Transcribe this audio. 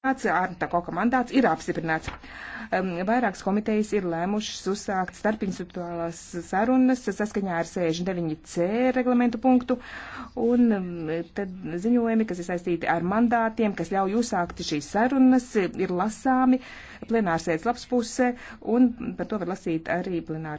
Ārnta Koka mandāts ir apstiprināts. Vairākas komitejas ir lēmušas uzsākt starpinstitucionālās sarunas saskaņā ar 69C reglamentu punktu, un tad ziņojumi, kas ir saistīti ar mandātiem, kas ļauj uzsākt šīs sarunas, ir lasāmi plenārsēdes lapspusē, un par to var lasīt arī plenārs.